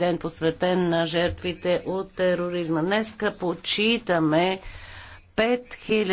ден посветен на жертвите от тероризма. Днеска почитаме 5000